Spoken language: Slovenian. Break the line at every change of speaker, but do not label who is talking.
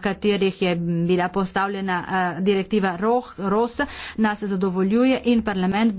katerih je bila postavljena eh, direktiva ROS, nas zadovoljuje in parlament bo